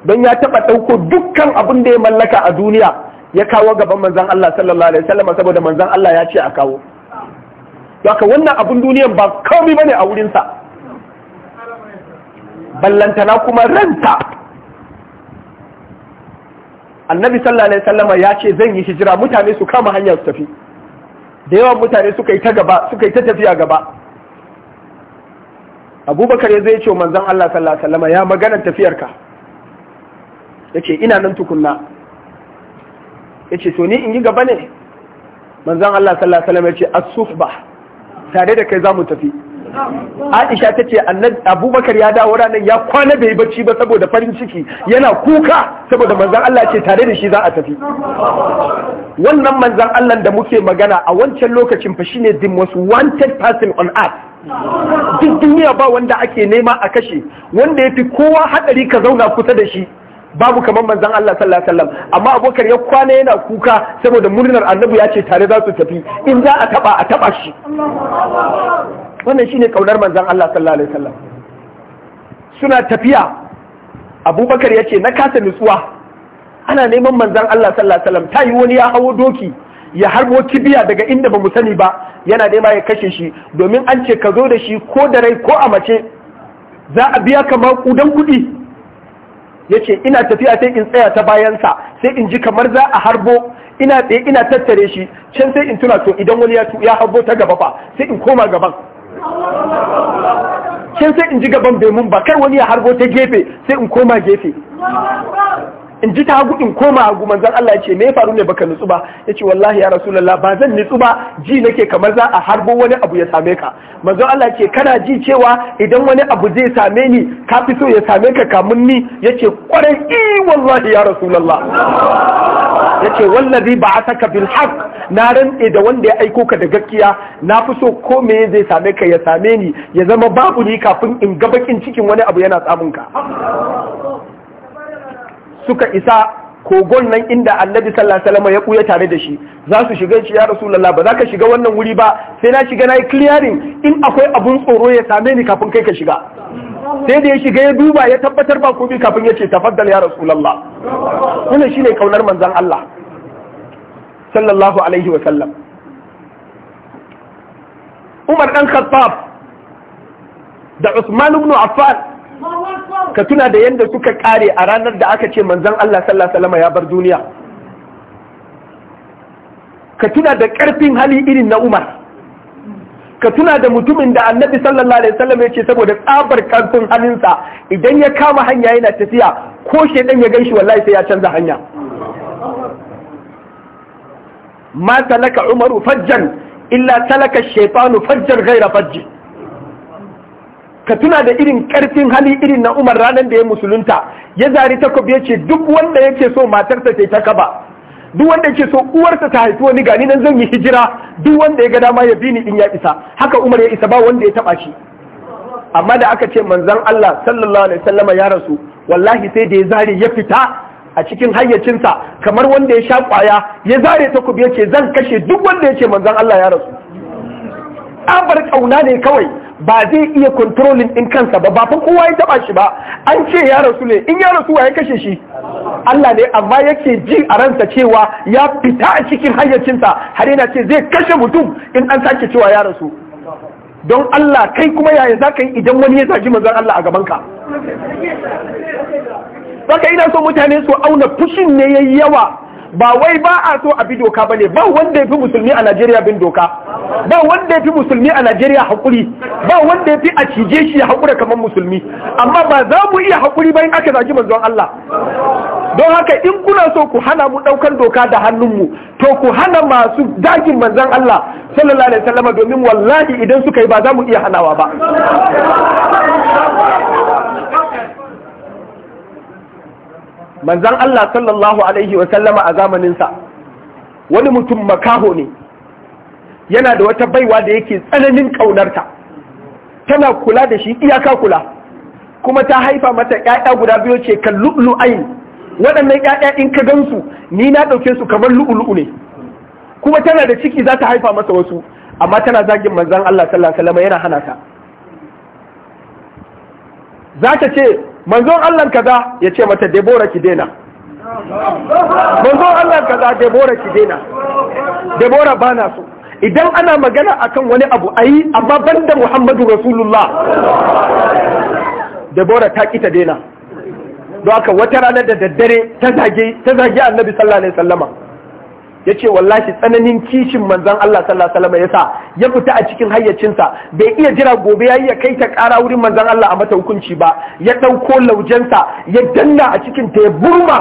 don ya taba dauko dukkan abin da ya mallaka a duniya ya kawo gaban manzan Allah sallallahu saboda manzan Allah ya ce a kawo haka wannan abin duniyan ba komai bane a wurinsa ballantana kuma ranta annabi sallallahu alaihi wasallam ya ce zan yi hijira mutane su kama hanya su tafi da yawan mutane suka yi ta gaba suka yi ta tafiya gaba abubakar ya zai ce manzon Allah sallallahu alaihi wasallam ya tafiyar tafiyarka yace ina nan tukunna yace to ni in yi gaba ne manzon Allah sallallahu alaihi wasallama yace as-sufba tare da kai za mu tafi Aisha ta ce Abubakar ya dawo ranar ya kwana bai bacci ba saboda farin ciki yana kuka saboda manzan Allah ce tare da shi za a tafi. Wannan manzan Allah da muke magana a wancan lokacin fa ne the most wanted person on earth. Duk duniya ba wanda ake nema a kashe wanda ya fi kowa hadari ka zauna kusa da shi. babu kamar manzan Allah sallallahu alaihi wasallam amma abokar ya kwana yana kuka saboda murnar annabi ya ce tare za su tafi in za a taba a taba shi wannan shine kaunar manzon Allah sallallahu alaihi wasallam suna tafiya abubakar ya ce na kasa nutsuwa ana neman manzan Allah sallallahu alaihi wasallam ta yi wani ya hawo doki ya harbo kibiya daga inda ba mu sani ba yana nema ya kashe shi domin an ce ka zo da shi ko da rai ko a mace za a biya ka maƙudan kuɗi ya ce ina tafiya sai in tsaya ta bayansa sai in ji kamar za a harbo ina tsaye ina tattare shi can sai in tuna to idan wani ya harbo ta gaba fa sai in koma gaban Kin sai in ji gaban bemun ba kar wani ya harbo ta gefe sai in koma gefe in ji ta hagu in koma hagu manzan Allah ya ce me ya faru ne baka nutsu ba ya ce wallahi ya rasulallah ba zan nutsu ba ji nake kamar za a harbo wani abu ya same ka manzan Allah ce kana ji cewa idan wani abu zai same ni ka fi so ya same ka kamun ni ya ce kwarai ee wallahi ya rasulallah yace wallazi saka bil haqq na rantse da wanda ya aiko ka da gaskiya na fi so ko me zai same ka ya same ni ya zama babu ni kafin in ga bakin cikin wani abu yana samun ka suka isa kogon nan inda annabi sallallahu alaihi ya kuya tare da shi za su shiga shi ya rasulullah ba za ka shiga wannan wuri ba sai na shiga nayi clearing in akwai abun tsoro ya same ni kafin kai ka shiga sai da ya shiga ya duba ya tabbatar ba komai kafin ya ce tafaddal ya rasulullah wannan shine kaunar manzon Allah sallallahu alaihi wa sallam Umar dan Khattab da Usman ibn Affan ka tuna da yanda suka kare a ranar da aka ce manzon Allah sallallahu alaihi wasallam ya bar duniya ka tuna da karfin hali irin na Umar ka tuna da mutumin da annabi sallallahu alaihi wasallam ya ce saboda tsabar karfin halinsa idan ya kama hanya yana tafiya ko shedan ya ganshi wallahi sai ya canza hanya ma talaka umaru fajjan illa talaka shaitanu fajjan gaira fajji ka tuna da irin karfin hali irin na umar ranar da ya musulunta ya zari takobi ya ce duk wanda yake so matarsa ta ta kaba duk wanda yake so uwarsa ta haifi wani gani nan zan yi hijira duk wanda ya ga dama ya bi ni in ya isa haka umar ya isa ba wanda ya taba shi amma da aka ce manzon Allah sallallahu alaihi wasallama ya rasu wallahi sai da ya zari ya fita a cikin hayyacinsa kamar wanda ya sha kwaya ya zare takobi ya ce zan kashe duk wanda ya manzan Allah ya rasu abar kauna ne kawai ba zai iya kontrolin din kansa ba bafin kowa ya taba shi ba an ce ya rasu ne in ya rasu wa ya kashe shi Allah ne amma yake ji a ransa cewa ya fita a cikin hayyacinsa har yana ce zai kashe mutum in an sake cewa ya rasu don Allah kai kuma yaya za ka yi idan wani ya zagi manzon Allah a gaban ka. saka ina so mutane su auna fushin ne yayi yawa ba wai ba a so a bi doka ba ne ba wanda ya fi musulmi a najeriya bin doka ba wanda ya fi musulmi a najeriya haƙuri ba wanda ya fi a cije shi ya haƙura kamar musulmi amma ba za mu iya haƙuri bayan aka zaki manzon Allah don haka in kuna so ku hana mu ɗaukar doka da hannunmu to ku hana masu dagin manzon Allah sallallahu alaihi wasallam domin wallahi idan suka yi ba za mu iya hanawa ba manzan Allah sallallahu alaihi zamanin sa a zamaninsa wani mutum makaho ne yana da wata baiwa da yake tsananin ƙaunarta tana kula da shi iyaka kula kuma ta haifa mata ƴaƴa guda biyu ce kan lu'lu'ain waɗannan ƴaƴa in ka gansu ni na ɗauke su kamar lu'u ne kuma tana da ciki za ta haifa masa wasu amma tana zagin manzan Allah sallallahu alaihi wasallama yana hana ta za ta ce manzon Allah kaza ya ce mata Debora ki daina manzon Allah kaza Debora ki daina Debora ba na so idan ana magana akan wani abu ayi amma ban da Muhammadu Rasulullah Debora ta ƙi ta daina don aka wata rana da daddare ta zage annabi sallallahu alaihi wasallama yace wallahi tsananin kishin manzan Allah sallallahu alaihi ya yasa ya fita a cikin hayyacinsa bai iya jira gobe ya yi ya kai ta ƙara wurin manzan Allah a mata hukunci ba ya ɗauko laujensa ya danna a cikin ta ya burma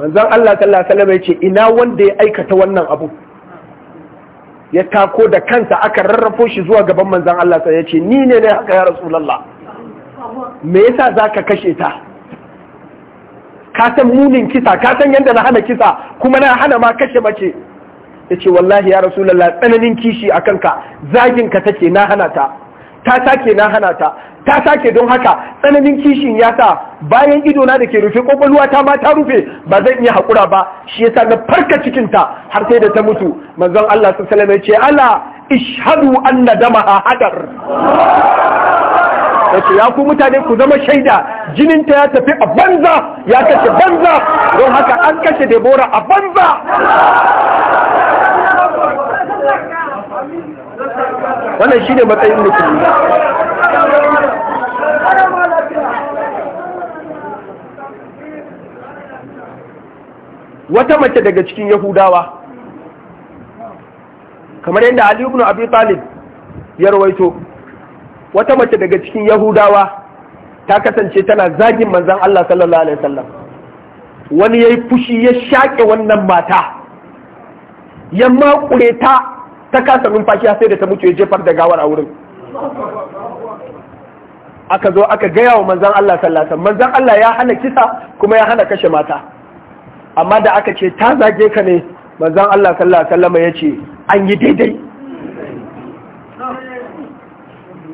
Manzan Allah sallallahu alaihi ya ce ina wanda ya aikata wannan abu ya tako da kansa aka rarrafo shi zuwa gaban manzan Allah ya ce ni ne ne haka ya rasulullah me yasa zaka kashe ta ka san munin kisa ka san yadda na hana kisa kuma na hana ma kashe mace ya ce wallahi ya rasulallah tsananin kishi a kanka zagin ka take na hana ta ta sake na hana ta ta sake don haka tsananin kishin ya sa bayan idona da ke rufe kwakwalwa ta ma ta rufe ba zan iya haƙura ba shi yasa na farka cikin ta har sai da ta mutu manzon Allah sallallahu alaihi ce ala ishhadu anna damaha hadar wato ya ku mutane ku zama shaida jinin ta ya tafi a banza ya tafi banza don haka an kashe Debora a banza wannan ne matsayin mutum wata mace daga cikin yahudawa kamar yadda Aliyu ibn abi talib ya rawaito wata mace daga cikin yahudawa ta kasance tana zagin manzan Allah sallallahu alaihi wasallam wani yayi fushi ya shaƙe wannan mata ya makure ta ta kasa numfashi sai da ta mutu ya jefar da gawar a wurin aka zo aka gaya wa manzan Allah sallallahu alaihi manzan Allah ya hana kisa kuma ya hana kashe mata amma da aka ce ta zage ka ne manzan Allah sallallahu alaihi ya ce an yi daidai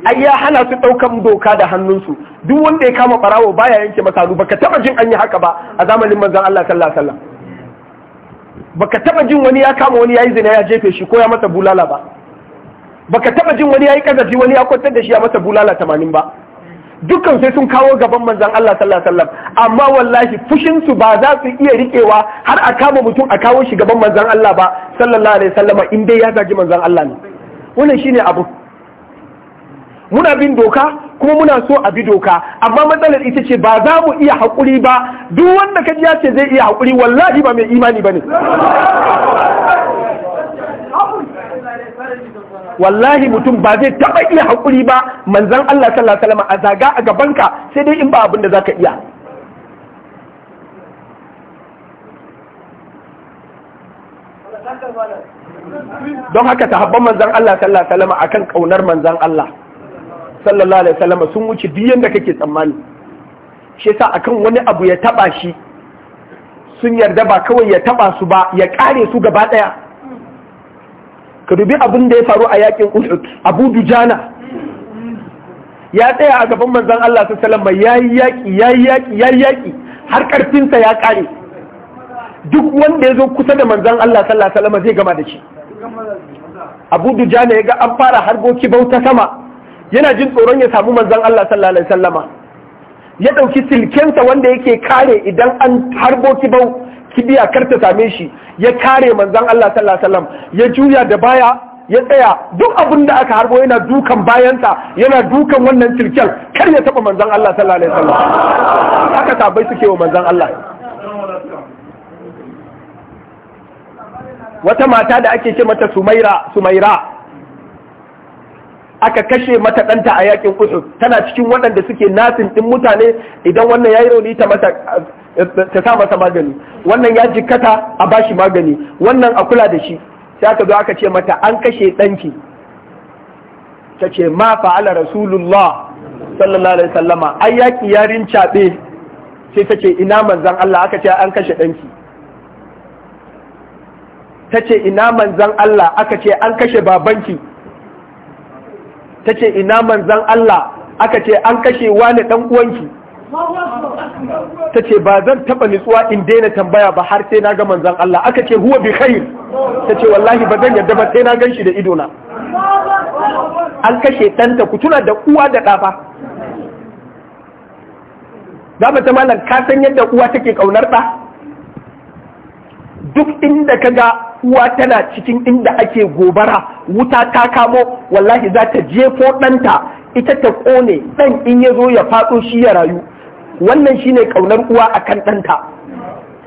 ai ya hana su ɗaukan doka da hannunsu duk wanda ya kama ɓarawo baya yanke masa hannu baka taɓa jin an yi haka ba a zamanin manzon Allah sallallahu alaihi wasallam baka taɓa jin wani ya kama wani ya yi zina ya jefe shi ko ya masa bulala ba baka taɓa jin wani ya yi kazafi wani ya kwantar da shi ya masa bulala tamanin ba dukkan sai sun kawo gaban manzon Allah sallallahu alaihi wasallam amma wallahi fushin su ba za su iya rikewa har a kama mutum a kawo shi gaban manzon Allah ba sallallahu alaihi wasallam in dai ya zagi manzon Allah ne wannan shine abu muna bin doka kuma muna so a bi doka amma matsalar ita ce ba za mu iya haƙuri ba duk wanda ka ya ce zai iya haƙuri wallahi ba mai imani ba ne wallahi mutum ba zai taɓa iya haƙuri ba manzan Allah sallallahu alaihi wasallam a zaga a gabanka sai dai in ba abin da zaka iya don haka ta habban manzan Allah sallallahu alaihi wasallam akan kaunar manzan Allah sallallahu alaihi wasallam sun wuce duk yanda kake tsammani shi yasa akan wani abu ya taba shi sun yarda ba kawai ya taba su ba ya kare su gaba daya ka dubi abin da ya faru a yakin Uhud Abu Dujana ya tsaya a gaban manzon Allah sallallahu alaihi wasallam yayi yaki yayi yaki yayi yaki har karfinsa ya kare duk wanda ya zo kusa da manzon Allah sallallahu alaihi wasallam zai gama da shi Abu Dujana ya ga an fara harbo goki ta sama yana jin tsoron ya samu manzan Allah sallallahu alaihi ya ɗauki silkensa wanda yake kare idan an harbo kibau kibiya kar ta same shi ya kare manzan Allah sallallahu alaihi ya juya da baya ya tsaya duk abin da aka harbo yana dukan bayansa yana dukan wannan silken kar ya taba manzan Allah sallallahu alaihi wasallam suke wa manzan Allah wata mata da ake ce mata Sumaira Sumaira aka kashe mata ɗanta a yakin Uhud tana cikin waɗanda suke nasin ɗin mutane idan wannan ya yi rauni ta mata ta sa masa magani wannan ya jikkata a bashi magani wannan a kula da shi sai aka zo aka ce mata an kashe ɗanki ta ce ma fa'ala rasulullah sallallahu alaihi sallama ai yaki yarin caɓe sai ta ce ina manzan Allah aka ce an kashe ɗanki ta ce ina manzan Allah aka ce an kashe babanki ta ce ina manzan Allah aka ce an kashe wani ɗan uwanki ta ce ba zan taɓa nutsuwa in daina tambaya ba har sai na ga manzan Allah aka ce huwa bi khair ta ce wallahi ba zan yarda ba sai na gan shi da idona an kashe ɗanta ku tuna da uwa da ɗafa za ta malam ka san yadda uwa take ƙaunar ɗa duk inda ka ga uwa tana cikin inda ake gobara wuta ta kamo wallahi za ta jefo ɗanta ita ta ƙone ɗan in ya zo ya faɗo shi ya rayu wannan shine ƙaunar uwa akan ɗanta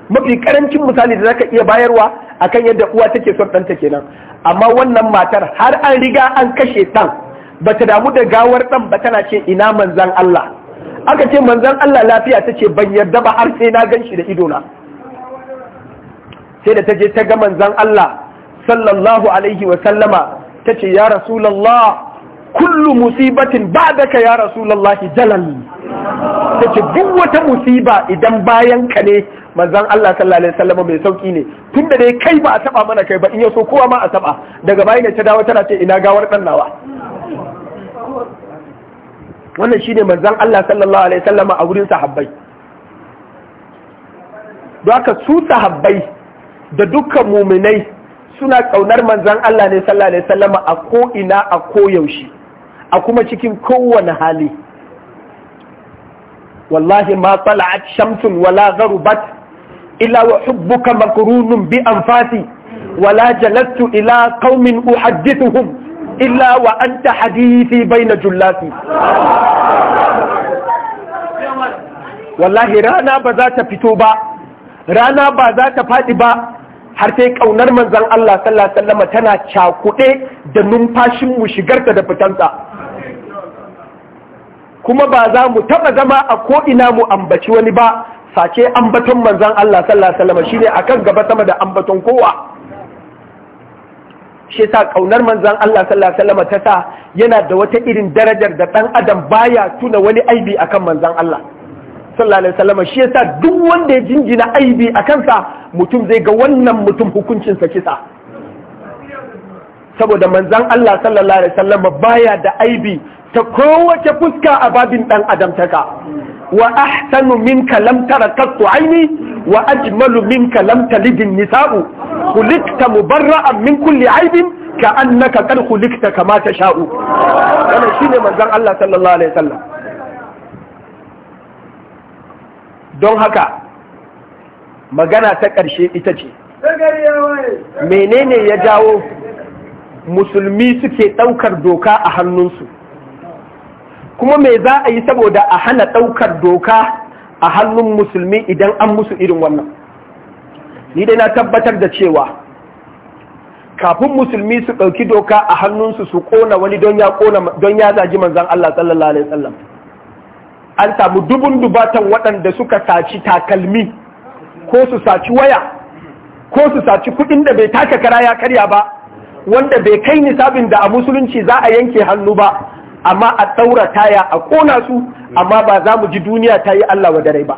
mafi ƙarancin misali da zaka iya bayarwa akan yadda uwa take son ɗanta kenan amma wannan matar har an riga an kashe ɗan ta damu da gawar ɗan ba tana ce ina manzan Allah aka ce manzan Allah lafiya ta ce ban yarda ba har sai na gan shi da idona sai da ta je ta ga manzan Allah sallallahu alaihi wa sallama ta ce ya rasulallah kullu musibatin ba ba'daka ya rasulallah jalal ta ce duk wata musiba idan bayan ka ne manzan Allah sallallahu alaihi wa sallama mai sauki ne tun da dai kai ba a taba mana kai ba in yaso kowa ma a taba daga bayan ta dawo tana ce ina gawar dan nawa wannan shine manzan Allah sallallahu alaihi wa sallama a wurin sahabbai don haka su sahabbai da dukkan muminai suna ƙaunar manzan Allah ne sallallahu alaihi a ko'ina a koyaushe a kuma cikin kowane hali wallahi ma tala'at shamsun wala gharubat Ila wa hubbuka makrunun bi anfasi wala jalastu ila qaumin uhaddithuhum illa wa anta hadithi baina jullati wallahi rana ba za ta fito ba rana ba za ta faɗi ba har sai ƙaunar manzan Allah sallallahu alaihi tana cakuɗe da numfashin mu shigarta da fitansa kuma ba za mu taɓa zama a ko'ina mu ambaci wani ba sace ambaton manzan Allah sallallahu alaihi wasallam shine akan gaba sama da ambaton kowa shi sa kaunar manzan Allah sallallahu alaihi ta sa yana da wata irin darajar da ɗan adam baya tuna wani aibi akan manzan Allah sallallahu alaihi wasallam shi yasa duk wanda ya jingina aibi a kansa mutum zai ga wannan mutum hukuncinsa kisa saboda manzan Allah sallallahu alaihi wasallam baya da aibi ta kowace fuska a babin dan adamtaka wa ahsanu minka lam tara qattu aini wa ajmalu minka lam talid nisa'u khuliqta mubarra'an min kulli aibin ka annaka qad khuliqta kama tasha'u wannan shine manzan Allah sallallahu alaihi wasallam don haka magana ta ƙarshe ita ce menene ya jawo musulmi suke ɗaukar doka a hannunsu kuma me za a yi saboda a hana ɗaukar doka a hannun musulmi idan an musu irin wannan ni dai na tabbatar da cewa kafin musulmi su ɗauki doka a hannunsu su ƙona wani don ya zagi manzan Allah sallallahu alaihi wasallam an samu dubun dubatan waɗanda suka saci takalmi ko su saci waya ko su saci kuɗin da bai taka kara ya karya ba wanda bai kai nisabin da a musulunci za a yanke hannu ba amma a ɗaura taya a ƙona su amma ba za mu ji duniya ta yi Allah wa dare ba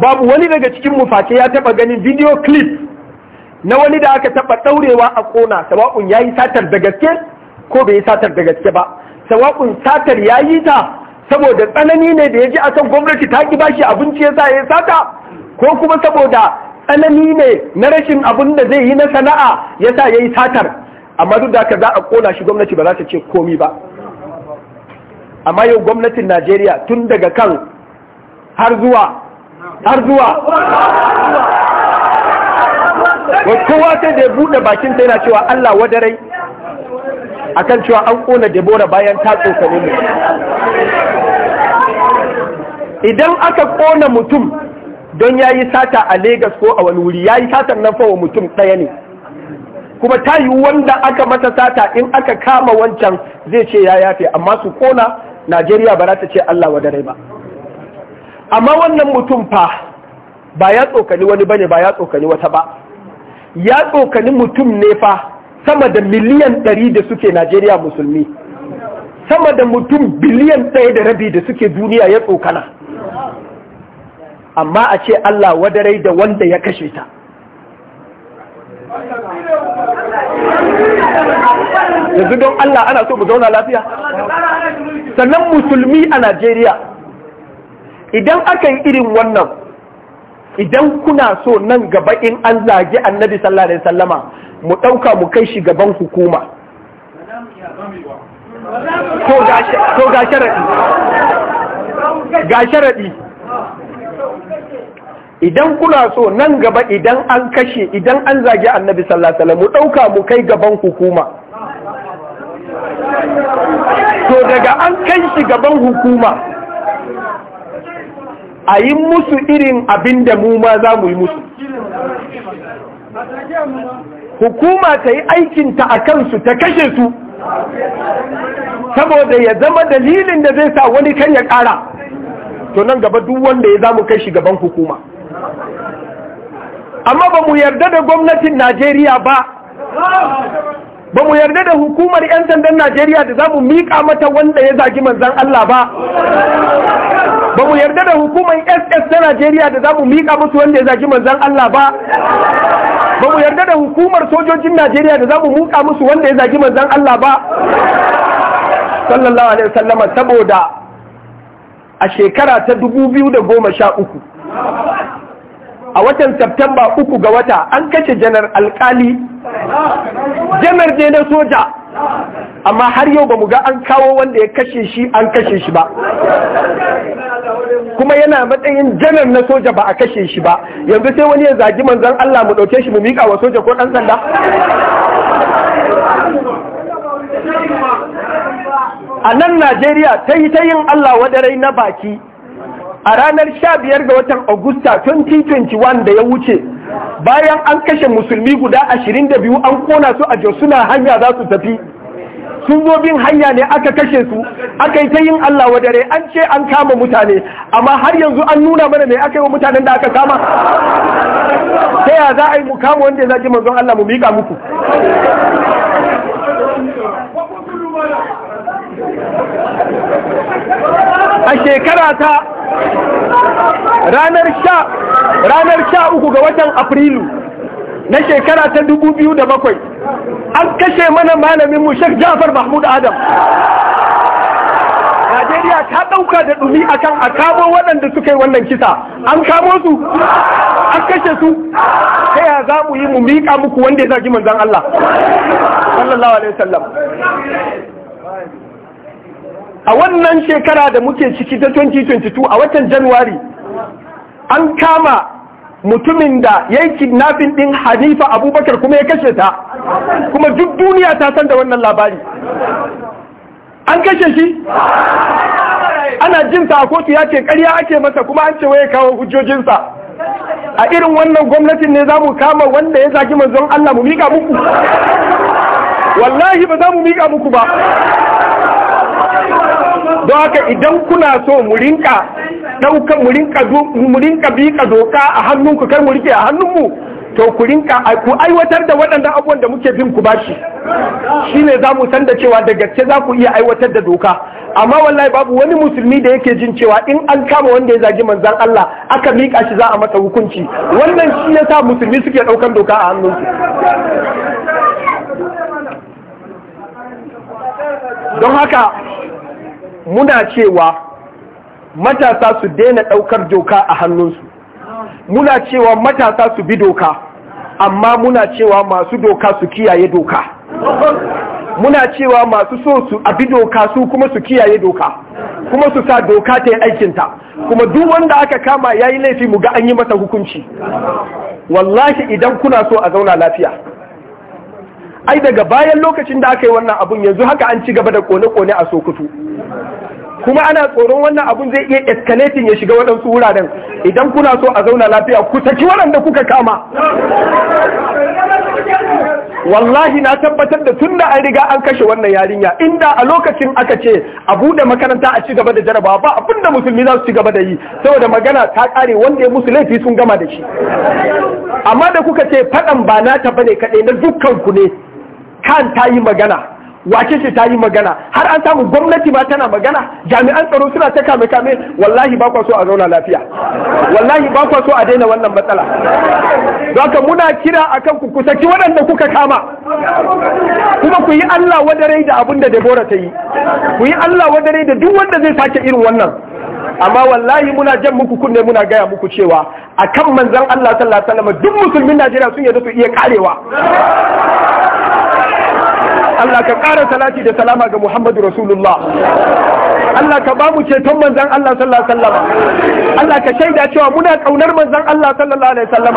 babu wani daga cikin muface ya taɓa ganin video clip na wani da aka taɓa ɗaurewa a ƙona sawa'un ya yi satar da gaske ko bai yi satar da gaske ba sawa'un satar yayi ta saboda tsanani ne da ya ji a san gwamnati ta ki bashi abinci ya sa ya sata ko kuma saboda tsanani ne na rashin abin da zai yi na sana'a ya sa ya yi satar amma duk da ka za a kona shi gwamnati ba za ta ce komi ba amma yau gwamnatin najeriya tun daga kan har zuwa har zuwa kowa da ya buɗe bakin ta yana cewa allah wadarai akan cewa an ƙona debora bayan ta tsokane mu idan aka ƙona mutum don ya yi sata a Legas ko a wani wuri ya yi satar nan fawa mutum ɗaya ne kuma ta yi wanda aka masa sata in aka kama wancan zai ce ya yafe amma su kona Najeriya ba za ta ce Allah rai ba amma wannan mutum fa ba ya tsokani wani bane ba ya tsokani wata ba ya tsokani mutum ne fa sama da miliyan ɗari da suke Najeriya musulmi sama da mutum biliyan ɗaya da rabi da suke duniya ya tsokana amma a ce Allah wadarai da wanda ya kashe ta yanzu don Allah ana so mu zauna lafiya sannan musulmi a Najeriya idan akan irin wannan idan kuna so nan gaba in an zage annabi sallallahu alaihi sallama mu ɗauka mu kai shi gaban hukuma to ga sharaɗi ga sharaɗi idan kuna so nan gaba idan an kashe idan an zage annabi sallallahu mu ɗauka mu kai gaban hukuma to daga an kai shi gaban hukuma a yi musu irin abin da mu ma za mu yi musu hukuma ta yi aikinta a kansu ta kashe su saboda ya zama dalilin da zai sa wani kan ya ƙara to nan gaba duk wanda ya zamu kai shi gaban hukuma amma ba mu yarda da gwamnatin najeriya ba ba mu yarda da hukumar 'yan sandan najeriya da za mu miƙa mata wanda ya zagi manzan allah ba ba mu yarda da hukumar ss ta najeriya da za mu miƙa musu wanda ya zagi manzan allah ba ba mu yarda da hukumar sojojin Najeriya da za mu muka musu wanda ya zagi manzon Allah ba sallallahu alaihi wasallama saboda a shekara ta dubu biyu da goma sha uku, a watan Septemba uku ga wata an kashe janar alkali janar ne na soja amma har yau ba mu ga an kawo wanda ya kashe shi an kashe shi ba kuma yana matsayin janar na soja ba a kashe shi ba yanzu sai wani ya zagi manzon Allah mu ɗauke shi mu miƙa wa soja ko ɗan sanda a nan Najeriya ta yi ta yin Allah wadarai na baki a ranar 15 ga watan Agusta 2021 da ya wuce bayan an kashe musulmi guda ashirin da biyu an kona su a suna hanya za su tafi sun bin hanya ne aka kashe su aka yi ta yin Allah wa dare an ce an kama mutane amma har yanzu an nuna mana me aka yi wa mutanen da aka kama ta ya za a yi mu kama wanda ya zaki manzon Allah mu miƙa muku a shekara ta ranar sha uku ga watan afrilu na shekara ta dubu biyu da bakwai an kashe mana malamin mu shek Jafar Mahmud Adam Najeriya ta ɗauka da ɗumi akan a kamo waɗanda suka yi wannan kisa an kamo su an kashe su ta ya za mu yi mu miƙa muku wanda ya sa zagi manzon Allah sallallahu alaihi wasallam a wannan shekara da muke ciki ta 2022 a watan Januwari an kama mutumin da ya yi kidnafin ɗin hanifa abubakar kuma ya kashe ta kuma duk duniya ta san da wannan labari an kashe shi ana jinsa a kotu ya ce karya ake masa kuma an ce waye kawo hujjojinsa a irin wannan gwamnatin ne za mu kama wanda ya zaki manzon Allah mu miƙa muku wallahi ba za mu miƙa muku ba don haka idan kuna so mu rinka ɗauka mu rinka bika doka a hannunku kai mu rike a hannunmu to ku rinka ku aiwatar da waɗannan abubuwan da muke bin ku bashi shine za mu san da cewa da gaske za ku iya aiwatar da doka amma wallahi babu wani musulmi da yake jin cewa in an kama wanda ya zagi manzan Allah aka mika shi za a masa hukunci wannan shi sa musulmi suke ɗaukan doka a hannunku don haka muna cewa matasa su daina ɗaukar doka a hannunsu muna cewa matasa su bi doka amma muna cewa masu doka su kiyaye doka muna cewa masu so su abi doka su kuma su kiyaye doka kuma su sa doka ta yi aikinta kuma duk wanda aka kama ya yi laifi mu ga an yi masa hukunci wallahi idan kuna so a zauna lafiya ai daga bayan lokacin da aka yi wannan abun yanzu haka an ci gaba da kone-kone a sokoto kuma ana tsoron wannan abun zai iya escalating ya shiga waɗansu wuraren idan kuna so a zauna lafiya ku saki waɗanda kuka kama wallahi na tabbatar da tunda an riga an kashe wannan yarinya inda a lokacin aka ce a bude makaranta a ci gaba da jarabawa ba abin da musulmi za su ci gaba da yi saboda magana ta kare wanda ya musu laifi sun gama da shi amma da kuka ce faɗan ba na ta bane kaɗai na dukkan ku ne kan ta yi magana wace ce ta yi magana har an samu gwamnati ma tana magana jami'an tsaro suna ta kame kame wallahi ba kwa a zauna lafiya wallahi ba kwa a daina wannan matsala haka muna kira akan ku kusaci waɗanda kuka kama kuma ku yi Allah wadare da abin da Debora ta yi ku yi Allah wadare da duk wanda zai sake irin wannan amma wallahi muna jan muku kunne muna gaya muku cewa akan manzon Allah sallallahu alaihi wasallam duk musulmin Najeriya sun yadda su iya karewa Allah ka ƙara salati da salama ga Muhammadu Rasulullah Allah ka ba mu ceton manzan Allah sallallahu alaihi wasallam Allah ka shaida cewa muna kaunar manzan Allah sallallahu alaihi wasallam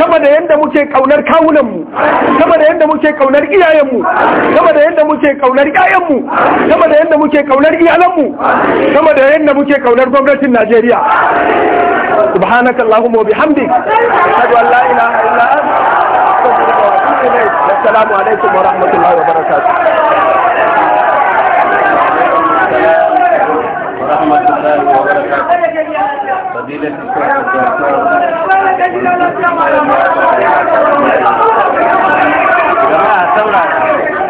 sama da yanda muke ƙaunar kawunan mu sama da yanda muke ƙaunar iyayen mu sama da yanda muke ƙaunar ƴaƴan mu sama da yanda muke ƙaunar iyalan mu sama da yanda muke ƙaunar gwamnatin Najeriya subhanakallahumma wa bihamdik ashhadu an la ilaha illa anta assalamu alaikum wa rahmatullahi wa barakatuh ورحمة الله وبركاته فضيلة الشيخ الدكتور جماعة ثورة